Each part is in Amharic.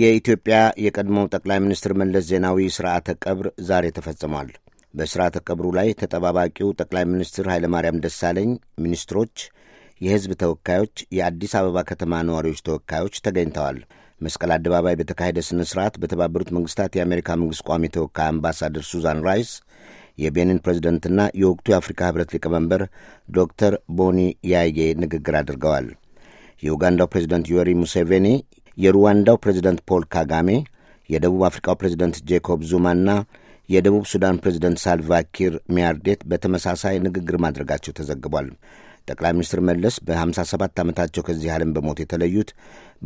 የኢትዮጵያ የቀድሞው ጠቅላይ ሚኒስትር መለስ ዜናዊ ሥርዓተ ቀብር ዛሬ ተፈጽሟል። በሥርዓተ ቀብሩ ላይ ተጠባባቂው ጠቅላይ ሚኒስትር ኃይለማርያም ደሳለኝ፣ ሚኒስትሮች፣ የሕዝብ ተወካዮች፣ የአዲስ አበባ ከተማ ነዋሪዎች ተወካዮች ተገኝተዋል። መስቀል አደባባይ በተካሄደ ሥነ ሥርዓት በተባበሩት መንግሥታት የአሜሪካ መንግሥት ቋሚ ተወካይ አምባሳደር ሱዛን ራይስ የቤኒን ፕሬዚደንትና የወቅቱ የአፍሪካ ህብረት ሊቀመንበር ዶክተር ቦኒ ያዬ ንግግር አድርገዋል። የኡጋንዳው ፕሬዚደንት ዮሪ ሙሴቬኒ፣ የሩዋንዳው ፕሬዚደንት ፖል ካጋሜ፣ የደቡብ አፍሪካው ፕሬዚደንት ጄኮብ ዙማና የደቡብ ሱዳን ፕሬዚደንት ሳልቫኪር ሚያርዴት በተመሳሳይ ንግግር ማድረጋቸው ተዘግቧል። ጠቅላይ ሚኒስትር መለስ በ57 ዓመታቸው ከዚህ ዓለም በሞት የተለዩት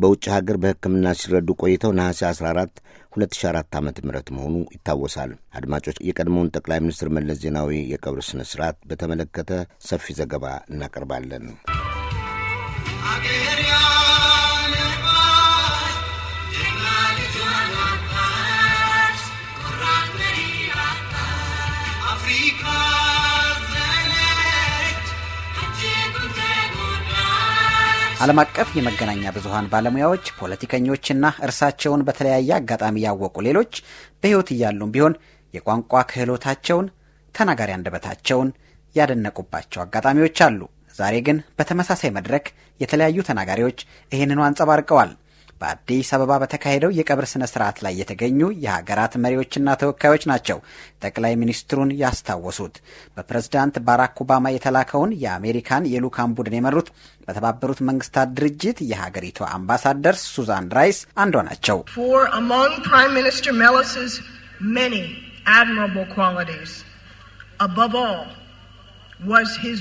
በውጭ ሀገር በሕክምና ሲረዱ ቆይተው ነሐሴ 14 2004 ዓ ም መሆኑ ይታወሳል። አድማጮች የቀድሞውን ጠቅላይ ሚኒስትር መለስ ዜናዊ የቀብር ስነ ስርዓት በተመለከተ ሰፊ ዘገባ እናቀርባለን። ዓለም አቀፍ የመገናኛ ብዙሀን ባለሙያዎች፣ ፖለቲከኞችና እርሳቸውን በተለያየ አጋጣሚ ያወቁ ሌሎች በሕይወት እያሉም ቢሆን የቋንቋ ክህሎታቸውን፣ ተናጋሪ አንደበታቸውን ያደነቁባቸው አጋጣሚዎች አሉ። ዛሬ ግን በተመሳሳይ መድረክ የተለያዩ ተናጋሪዎች ይህንኑ አንጸባርቀዋል። በአዲስ አበባ በተካሄደው የቀብር ስነ ስርዓት ላይ የተገኙ የሀገራት መሪዎችና ተወካዮች ናቸው ጠቅላይ ሚኒስትሩን ያስታወሱት። በፕሬዝዳንት ባራክ ኦባማ የተላከውን የአሜሪካን የልዑካን ቡድን የመሩት በተባበሩት መንግስታት ድርጅት የሀገሪቱ አምባሳደር ሱዛን ራይስ አንዷ ናቸው። was his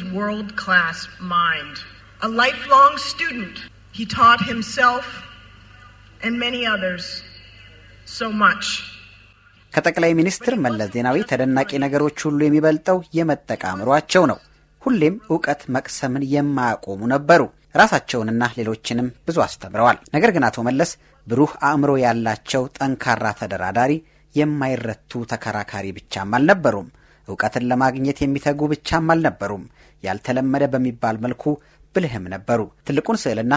ከጠቅላይ ሚኒስትር መለስ ዜናዊ ተደናቂ ነገሮች ሁሉ የሚበልጠው የመጠቃምሯቸው አእምሯቸው ነው። ሁሌም እውቀት መቅሰምን የማያቆሙ ነበሩ። ራሳቸውንና ሌሎችንም ብዙ አስተምረዋል። ነገር ግን አቶ መለስ ብሩህ አእምሮ ያላቸው ጠንካራ ተደራዳሪ፣ የማይረቱ ተከራካሪ ብቻም አልነበሩም። እውቀትን ለማግኘት የሚተጉ ብቻም አልነበሩም። ያልተለመደ በሚባል መልኩ ብልህም ነበሩ። ትልቁን ስዕልና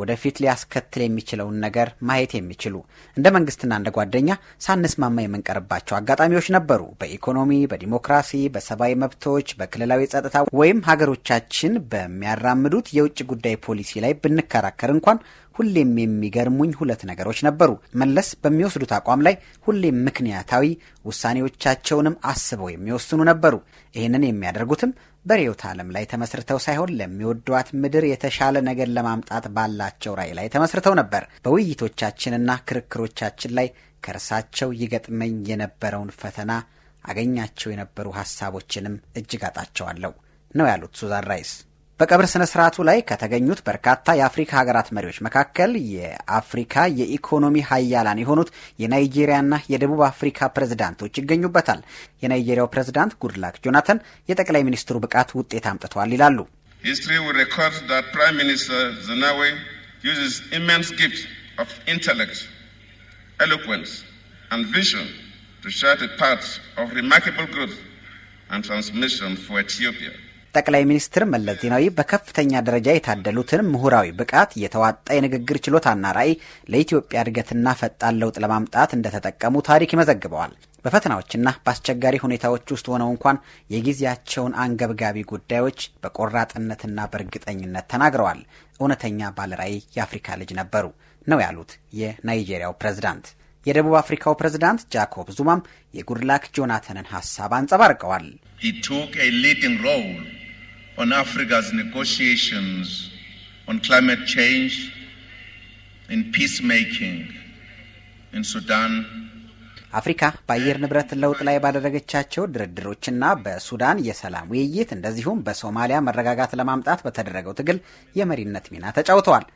ወደፊት ሊያስከትል የሚችለውን ነገር ማየት የሚችሉ እንደ መንግስትና እንደ ጓደኛ ሳንስማማ የምንቀርባቸው አጋጣሚዎች ነበሩ። በኢኮኖሚ፣ በዲሞክራሲ፣ በሰብአዊ መብቶች፣ በክልላዊ ጸጥታ ወይም ሀገሮቻችን በሚያራምዱት የውጭ ጉዳይ ፖሊሲ ላይ ብንከራከር እንኳን ሁሌም የሚገርሙኝ ሁለት ነገሮች ነበሩ። መለስ በሚወስዱት አቋም ላይ ሁሌም ምክንያታዊ፣ ውሳኔዎቻቸውንም አስበው የሚወስኑ ነበሩ። ይህንን የሚያደርጉትም በርዕዮተ ዓለም ላይ ተመስርተው ሳይሆን ለሚወዷት ምድር የተሻለ ነገር ለማምጣት ባላቸው ራዕይ ላይ ተመስርተው ነበር። በውይይቶቻችንና ክርክሮቻችን ላይ ከእርሳቸው ይገጥመኝ የነበረውን ፈተና አገኛቸው የነበሩ ሀሳቦችንም እጅግ አጣቸዋለሁ ነው ያሉት ሱዛን ራይስ። በቀብር ስነ ስርዓቱ ላይ ከተገኙት በርካታ የአፍሪካ ሀገራት መሪዎች መካከል የአፍሪካ የኢኮኖሚ ሀያላን የሆኑት የናይጄሪያና የደቡብ አፍሪካ ፕሬዝዳንቶች ይገኙበታል። የናይጄሪያው ፕሬዝዳንት ጉድላክ ጆናተን የጠቅላይ ሚኒስትሩ ብቃት ውጤት አምጥተዋል ይላሉ። ሂስትሪ ጠቅላይ ሚኒስትር መለስ ዜናዊ በከፍተኛ ደረጃ የታደሉትን ምሁራዊ ብቃት የተዋጣ የንግግር ችሎታና ራዕይ ለኢትዮጵያ እድገትና ፈጣን ለውጥ ለማምጣት እንደተጠቀሙ ታሪክ ይመዘግበዋል። በፈተናዎችና በአስቸጋሪ ሁኔታዎች ውስጥ ሆነው እንኳን የጊዜያቸውን አንገብጋቢ ጉዳዮች በቆራጥነትና በእርግጠኝነት ተናግረዋል። እውነተኛ ባለራዕይ የአፍሪካ ልጅ ነበሩ ነው ያሉት የናይጄሪያው ፕሬዝዳንት። የደቡብ አፍሪካው ፕሬዝዳንት ጃኮብ ዙማም የጉድላክ ጆናተንን ሀሳብ አንጸባርቀዋል። on Africa's negotiations on climate change, in peacemaking in Sudan. አፍሪካ በአየር ንብረት ለውጥ ላይ ባደረገቻቸው ድርድሮችና በሱዳን የሰላም ውይይት እንደዚሁም በሶማሊያ መረጋጋት ለማምጣት በተደረገው ትግል የመሪነት ሚና ተጫውተዋል።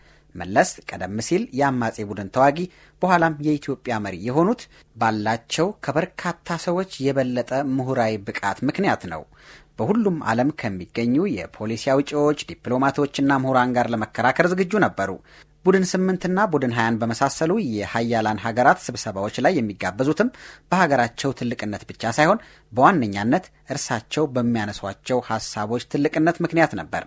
መለስ ቀደም ሲል የአማጼ ቡድን ተዋጊ በኋላም የኢትዮጵያ መሪ የሆኑት ባላቸው ከበርካታ ሰዎች የበለጠ ምሁራዊ ብቃት ምክንያት ነው። በሁሉም ዓለም ከሚገኙ የፖሊሲ አውጪዎች፣ ዲፕሎማቶችና ምሁራን ጋር ለመከራከር ዝግጁ ነበሩ። ቡድን ስምንትና ቡድን ሀያን በመሳሰሉ የሀያላን ሀገራት ስብሰባዎች ላይ የሚጋበዙትም በሀገራቸው ትልቅነት ብቻ ሳይሆን በዋነኛነት እርሳቸው በሚያነሷቸው ሀሳቦች ትልቅነት ምክንያት ነበር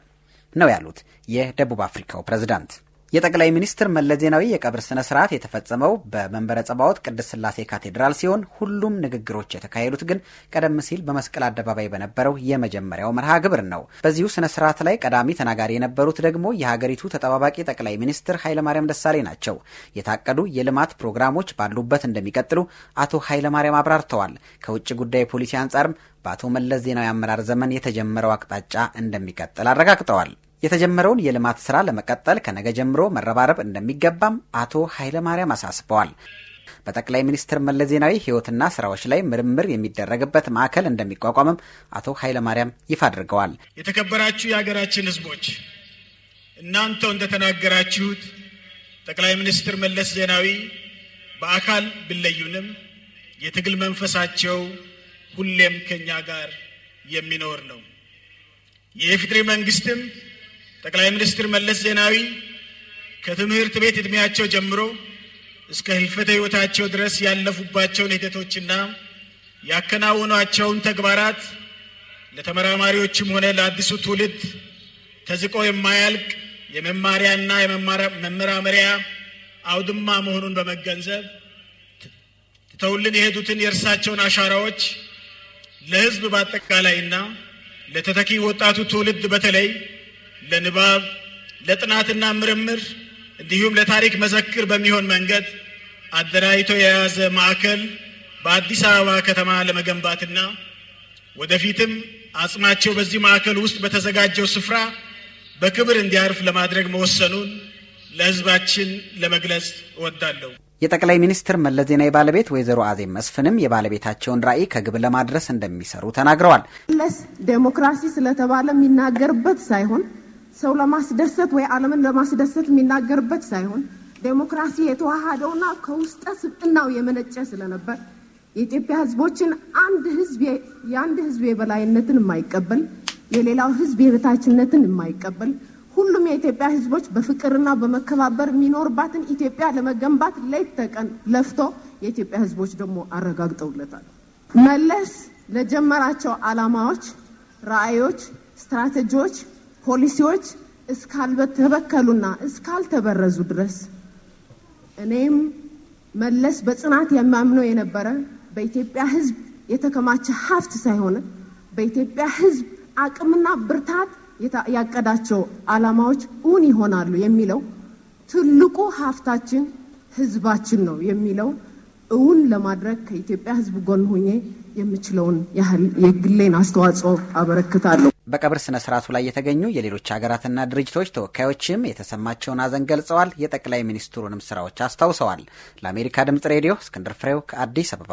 ነው ያሉት የደቡብ አፍሪካው ፕሬዝዳንት። የጠቅላይ ሚኒስትር መለስ ዜናዊ የቀብር ስነ ስርዓት የተፈጸመው በመንበረ ጸባዖት ቅድስት ስላሴ ካቴድራል ሲሆን ሁሉም ንግግሮች የተካሄዱት ግን ቀደም ሲል በመስቀል አደባባይ በነበረው የመጀመሪያው መርሃ ግብር ነው። በዚሁ ስነ ስርዓት ላይ ቀዳሚ ተናጋሪ የነበሩት ደግሞ የሀገሪቱ ተጠባባቂ ጠቅላይ ሚኒስትር ኃይለማርያም ደሳሌ ናቸው። የታቀዱ የልማት ፕሮግራሞች ባሉበት እንደሚቀጥሉ አቶ ኃይለማርያም አብራርተዋል። ከውጭ ጉዳይ ፖሊሲ አንጻርም በአቶ መለስ ዜናዊ አመራር ዘመን የተጀመረው አቅጣጫ እንደሚቀጥል አረጋግጠዋል። የተጀመረውን የልማት ስራ ለመቀጠል ከነገ ጀምሮ መረባረብ እንደሚገባም አቶ ኃይለማርያም አሳስበዋል። በጠቅላይ ሚኒስትር መለስ ዜናዊ ህይወትና ስራዎች ላይ ምርምር የሚደረግበት ማዕከል እንደሚቋቋምም አቶ ኃይለማርያም ይፋ አድርገዋል። የተከበራችሁ የሀገራችን ህዝቦች እናንተው እንደተናገራችሁት ጠቅላይ ሚኒስትር መለስ ዜናዊ በአካል ቢለዩንም የትግል መንፈሳቸው ሁሌም ከኛ ጋር የሚኖር ነው። የኢፌዴሪ መንግስትም ጠቅላይ ሚኒስትር መለስ ዜናዊ ከትምህርት ቤት ዕድሜያቸው ጀምሮ እስከ ህልፈተ ህይወታቸው ድረስ ያለፉባቸውን ሂደቶችና ያከናወኗቸውን ተግባራት ለተመራማሪዎችም ሆነ ለአዲሱ ትውልድ ተዝቆ የማያልቅ የመማሪያና የመመራመሪያ አውድማ መሆኑን በመገንዘብ ትተውልን የሄዱትን የእርሳቸውን አሻራዎች ለህዝብ በአጠቃላይና ለተተኪ ወጣቱ ትውልድ በተለይ ለንባብ፣ ለጥናትና ምርምር እንዲሁም ለታሪክ መዘክር በሚሆን መንገድ አደራጅቶ የያዘ ማዕከል በአዲስ አበባ ከተማ ለመገንባትና ወደፊትም አጽማቸው በዚህ ማዕከል ውስጥ በተዘጋጀው ስፍራ በክብር እንዲያርፍ ለማድረግ መወሰኑን ለሕዝባችን ለመግለጽ እወዳለሁ። የጠቅላይ ሚኒስትር መለስ ዜናዊ ባለቤት ወይዘሮ አዜብ መስፍንም የባለቤታቸውን ራዕይ ከግብ ለማድረስ እንደሚሰሩ ተናግረዋል። መለስ ዴሞክራሲ ስለተባለ የሚናገርበት ሳይሆን ሰው ለማስደሰት ወይ ዓለምን ለማስደሰት የሚናገርበት ሳይሆን ዴሞክራሲ የተዋሃደውና ከውስጠ ስብዕናው የመነጨ ስለነበር የኢትዮጵያ ሕዝቦችን አንድ ሕዝብ የአንድ ሕዝብ የበላይነትን የማይቀበል የሌላው ሕዝብ የበታችነትን የማይቀበል ሁሉም የኢትዮጵያ ሕዝቦች በፍቅርና በመከባበር የሚኖርባትን ኢትዮጵያ ለመገንባት ሌት ተቀን ለፍቶ የኢትዮጵያ ሕዝቦች ደግሞ አረጋግጠውለታል። መለስ ለጀመራቸው ዓላማዎች፣ ራዕዮች፣ ስትራቴጂዎች ፖሊሲዎች እስካልተበከሉና እስካልተበረዙ ድረስ እኔም መለስ በጽናት የሚያምነው የነበረ በኢትዮጵያ ሕዝብ የተከማቸ ሀብት ሳይሆን በኢትዮጵያ ሕዝብ አቅምና ብርታት ያቀዳቸው ዓላማዎች እውን ይሆናሉ የሚለው ትልቁ ሀብታችን ሕዝባችን ነው የሚለው እውን ለማድረግ ከኢትዮጵያ ሕዝብ ጎን ሆኜ የምችለውን ያህል የግሌን አስተዋጽኦ አበረክታለሁ። በቀብር ስነ ስርዓቱ ላይ የተገኙ የሌሎች ሀገራትና ድርጅቶች ተወካዮችም የተሰማቸውን አዘን ገልጸዋል። የጠቅላይ ሚኒስትሩንም ስራዎች አስታውሰዋል። ለአሜሪካ ድምጽ ሬዲዮ እስክንድር ፍሬው ከአዲስ አበባ